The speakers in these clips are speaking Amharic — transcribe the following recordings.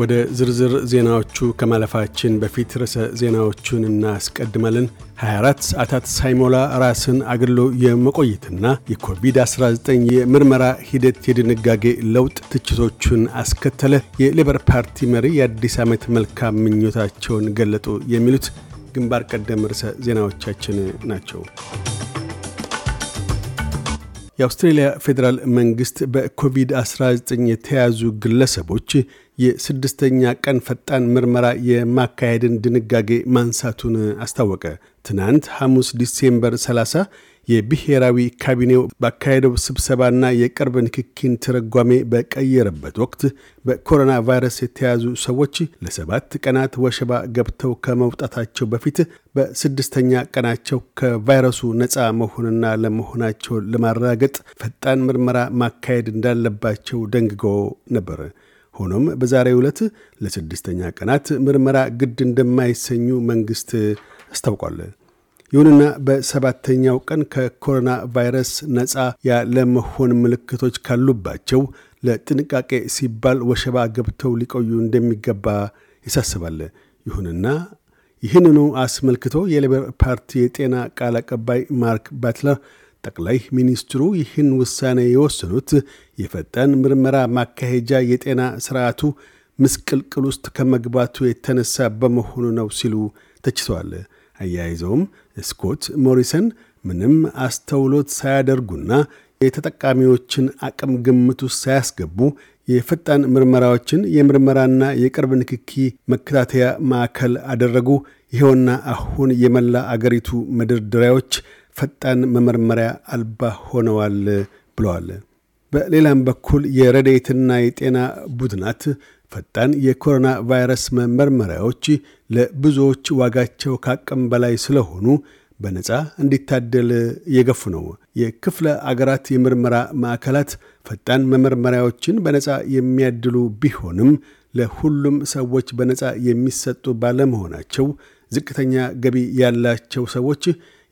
ወደ ዝርዝር ዜናዎቹ ከማለፋችን በፊት ርዕሰ ዜናዎቹን እናስቀድማለን። 24 ሰዓታት ሳይሞላ ራስን አግሎ የመቆየትና የኮቪድ-19 የምርመራ ሂደት የድንጋጌ ለውጥ ትችቶቹን አስከተለ። የሌበር ፓርቲ መሪ የአዲስ ዓመት መልካም ምኞታቸውን ገለጡ። የሚሉት ግንባር ቀደም ርዕሰ ዜናዎቻችን ናቸው። የአውስትሬልያ ፌዴራል መንግስት በኮቪድ-19 የተያዙ ግለሰቦች የስድስተኛ ቀን ፈጣን ምርመራ የማካሄድን ድንጋጌ ማንሳቱን አስታወቀ። ትናንት ሐሙስ ዲሴምበር 30 የብሔራዊ ካቢኔው ባካሄደው ስብሰባና የቅርብ ንክኪን ትርጓሜ በቀየረበት ወቅት በኮሮና ቫይረስ የተያዙ ሰዎች ለሰባት ቀናት ወሸባ ገብተው ከመውጣታቸው በፊት በስድስተኛ ቀናቸው ከቫይረሱ ነፃ መሆንና ለመሆናቸው ለማረጋገጥ ፈጣን ምርመራ ማካሄድ እንዳለባቸው ደንግጎ ነበር። ሆኖም በዛሬ ዕለት ለስድስተኛ ቀናት ምርመራ ግድ እንደማይሰኙ መንግሥት አስታውቋል። ይሁንና በሰባተኛው ቀን ከኮሮና ቫይረስ ነፃ ያለመሆን ምልክቶች ካሉባቸው ለጥንቃቄ ሲባል ወሸባ ገብተው ሊቆዩ እንደሚገባ ይሳስባል ይሁንና ይህንኑ አስመልክቶ የሌበር ፓርቲ የጤና ቃል አቀባይ ማርክ ባትለር ጠቅላይ ሚኒስትሩ ይህን ውሳኔ የወሰኑት የፈጣን ምርመራ ማካሄጃ የጤና ስርዓቱ ምስቅልቅል ውስጥ ከመግባቱ የተነሳ በመሆኑ ነው ሲሉ ተችተዋል። አያይዘውም ስኮት ሞሪሰን ምንም አስተውሎት ሳያደርጉና የተጠቃሚዎችን አቅም ግምት ውስጥ ሳያስገቡ የፈጣን ምርመራዎችን የምርመራና የቅርብ ንክኪ መከታተያ ማዕከል አደረጉ። ይኸውና አሁን የመላ አገሪቱ መደርደሪያዎች ፈጣን መመርመሪያ አልባ ሆነዋል ብለዋል። በሌላም በኩል የረዴትና የጤና ቡድናት ፈጣን የኮሮና ቫይረስ መመርመሪያዎች ለብዙዎች ዋጋቸው ካቅም በላይ ስለሆኑ በነፃ እንዲታደል እየገፉ ነው። የክፍለ አገራት የምርመራ ማዕከላት ፈጣን መመርመሪያዎችን በነፃ የሚያድሉ ቢሆንም ለሁሉም ሰዎች በነፃ የሚሰጡ ባለመሆናቸው ዝቅተኛ ገቢ ያላቸው ሰዎች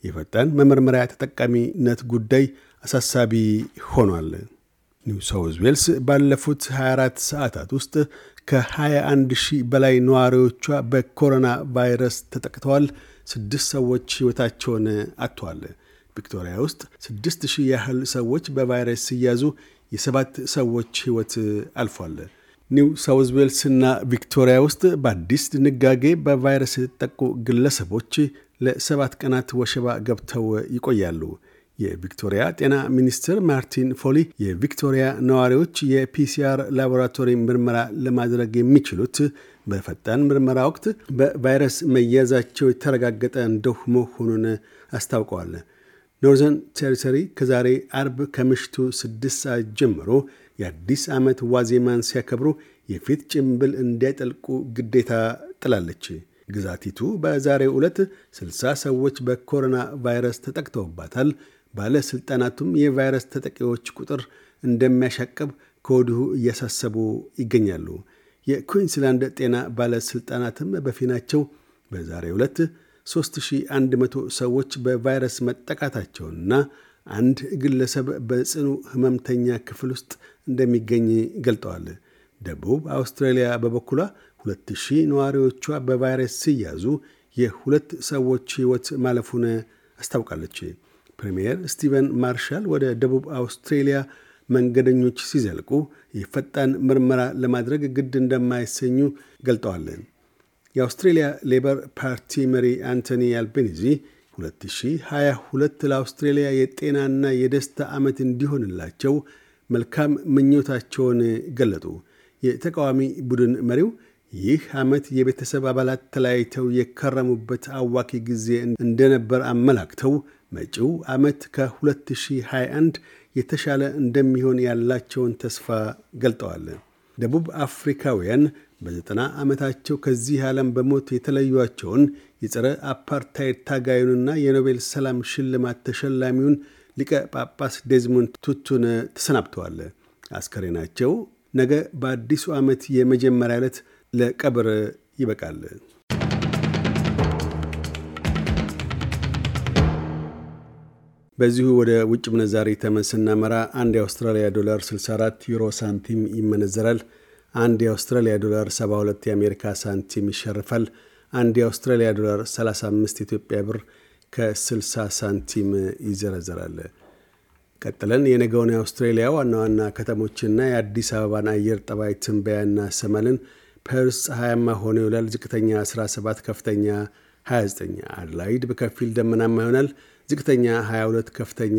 የፈጣን መመርመሪያ ተጠቃሚነት ጉዳይ አሳሳቢ ሆኗል። ኒው ሳውዝ ዌልስ ባለፉት 24 ሰዓታት ውስጥ ከ21 ሺህ በላይ ነዋሪዎቿ በኮሮና ቫይረስ ተጠቅተዋል። ስድስት ሰዎች ሕይወታቸውን አጥተዋል። ቪክቶሪያ ውስጥ ስድስት ሺህ ያህል ሰዎች በቫይረስ ሲያዙ የሰባት ሰዎች ሕይወት አልፏል። ኒው ሳውዝ ዌልስና ቪክቶሪያ ውስጥ በአዲስ ድንጋጌ በቫይረስ የተጠቁ ግለሰቦች ለሰባት ቀናት ወሸባ ገብተው ይቆያሉ። የቪክቶሪያ ጤና ሚኒስትር ማርቲን ፎሊ የቪክቶሪያ ነዋሪዎች የፒሲአር ላቦራቶሪ ምርመራ ለማድረግ የሚችሉት በፈጣን ምርመራ ወቅት በቫይረስ መያዛቸው የተረጋገጠ እንደሁ መሆኑን አስታውቀዋል። ኖርዘርን ቴሪተሪ ከዛሬ አርብ ከምሽቱ ስድስት ሰዓት ጀምሮ የአዲስ ዓመት ዋዜማን ሲያከብሩ የፊት ጭምብል እንዳይጠልቁ ግዴታ ጥላለች። ግዛቲቱ በዛሬ ዕለት 60 ሰዎች በኮሮና ቫይረስ ተጠቅተውባታል። ባለሥልጣናቱም የቫይረስ ተጠቂዎች ቁጥር እንደሚያሻቅብ ከወዲሁ እያሳሰቡ ይገኛሉ። የኩዊንስላንድ ጤና ባለሥልጣናትም በፊናቸው በዛሬ ዕለት 3100 ሰዎች በቫይረስ መጠቃታቸውንና አንድ ግለሰብ በጽኑ ህመምተኛ ክፍል ውስጥ እንደሚገኝ ገልጠዋል። ደቡብ አውስትራሊያ በበኩሏ 2000 ነዋሪዎቿ በቫይረስ ሲያዙ የሁለት ሰዎች ሕይወት ማለፉን አስታውቃለች። ፕሪምየር ስቲቨን ማርሻል ወደ ደቡብ አውስትሬሊያ መንገደኞች ሲዘልቁ የፈጣን ምርመራ ለማድረግ ግድ እንደማይሰኙ ገልጠዋል። የአውስትሬሊያ ሌበር ፓርቲ መሪ አንቶኒ አልቤኒዚ 2022 ለአውስትሬሊያ የጤናና የደስታ ዓመት እንዲሆንላቸው መልካም ምኞታቸውን ገለጡ። የተቃዋሚ ቡድን መሪው ይህ ዓመት የቤተሰብ አባላት ተለያይተው የከረሙበት አዋኪ ጊዜ እንደነበር አመላክተው መጪው ዓመት ከ2021 የተሻለ እንደሚሆን ያላቸውን ተስፋ ገልጠዋል። ደቡብ አፍሪካውያን በዘጠና ዓመታቸው ከዚህ ዓለም በሞት የተለዩቸውን የጸረ አፓርታይድ ታጋዩንና የኖቤል ሰላም ሽልማት ተሸላሚውን ሊቀ ጳጳስ ዴዝሞንድ ቱቱን ተሰናብተዋል። አስከሬናቸው ነገ በአዲሱ ዓመት የመጀመሪያ ዕለት ለቀብር ይበቃል። በዚሁ ወደ ውጭ ምንዛሪ ተመን ስናመራ አንድ የአውስትራሊያ ዶላር 64 ዩሮ ሳንቲም ይመነዘራል። አንድ የአውስትራሊያ ዶላር 72 የአሜሪካ ሳንቲም ይሸርፋል። አንድ የአውስትራሊያ ዶላር 35 ኢትዮጵያ ብር ከ60 ሳንቲም ይዘረዘራል። ቀጥለን የነገውን የአውስትሬሊያ ዋና ዋና ከተሞችና የአዲስ አበባን አየር ጠባይ ትንበያ እናሰማለን። ፐርስ ፀሐያማ ሆኖ ይውላል። ዝቅተኛ 17፣ ከፍተኛ 29። አድላይድ በከፊል ደመናማ ይሆናል። ዝቅተኛ 22፣ ከፍተኛ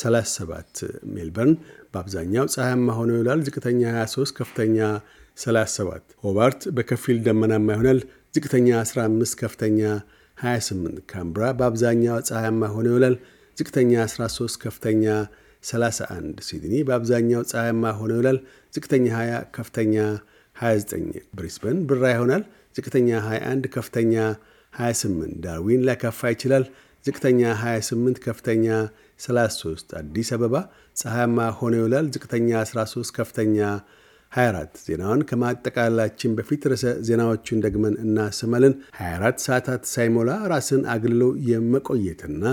37። ሜልበርን በአብዛኛው ፀሐያማ ሆኖ ይውላል። ዝቅተኛ 23፣ ከፍተኛ 37። ሆባርት በከፊል ደመናማ ይሆናል። ዝቅተኛ 15፣ ከፍተኛ 28። ካምብራ በአብዛኛው ፀሐያማ ሆኖ ይውላል። ዝቅተኛ 13፣ ከፍተኛ 31። ሲድኒ በአብዛኛው ፀሐያማ ሆኖ ይውላል። ዝቅተኛ 20፣ ከፍተኛ 29 ብሪስበን ብራ ይሆናል። ዝቅተኛ 21 ከፍተኛ 28 ዳርዊን ሊያካፋ ይችላል። ዝቅተኛ 28 ከፍተኛ 33 አዲስ አበባ ፀሐያማ ሆኖ ይውላል። ዝቅተኛ 13 ከፍተኛ 24 ዜናውን ከማጠቃላላችን በፊት ርዕሰ ዜናዎቹን ደግመን እናሰማለን። 24 ሰዓታት ሳይሞላ ራስን አግልሎ የመቆየትና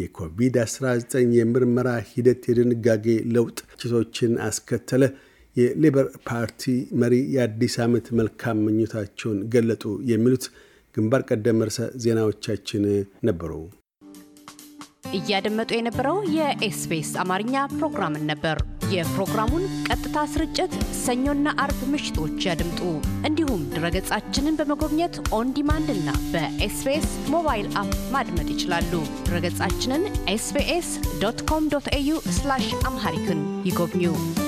የኮቪድ-19 የምርመራ ሂደት የድንጋጌ ለውጥ ችቶችን አስከተለ። የሌበር ፓርቲ መሪ የአዲስ ዓመት መልካም ምኞታቸውን ገለጡ። የሚሉት ግንባር ቀደም ርዕሰ ዜናዎቻችን ነበሩ። እያደመጡ የነበረው የኤስቢኤስ አማርኛ ፕሮግራምን ነበር። የፕሮግራሙን ቀጥታ ስርጭት ሰኞና አርብ ምሽቶች ያድምጡ። እንዲሁም ድረገጻችንን በመጎብኘት ኦን ዲማንድ እና በኤስቢኤስ ሞባይል አፕ ማድመጥ ይችላሉ። ድረገጻችንን ኤስቢኤስ ዶት ኮም ዶት ኤዩ አምሃሪክን ይጎብኙ።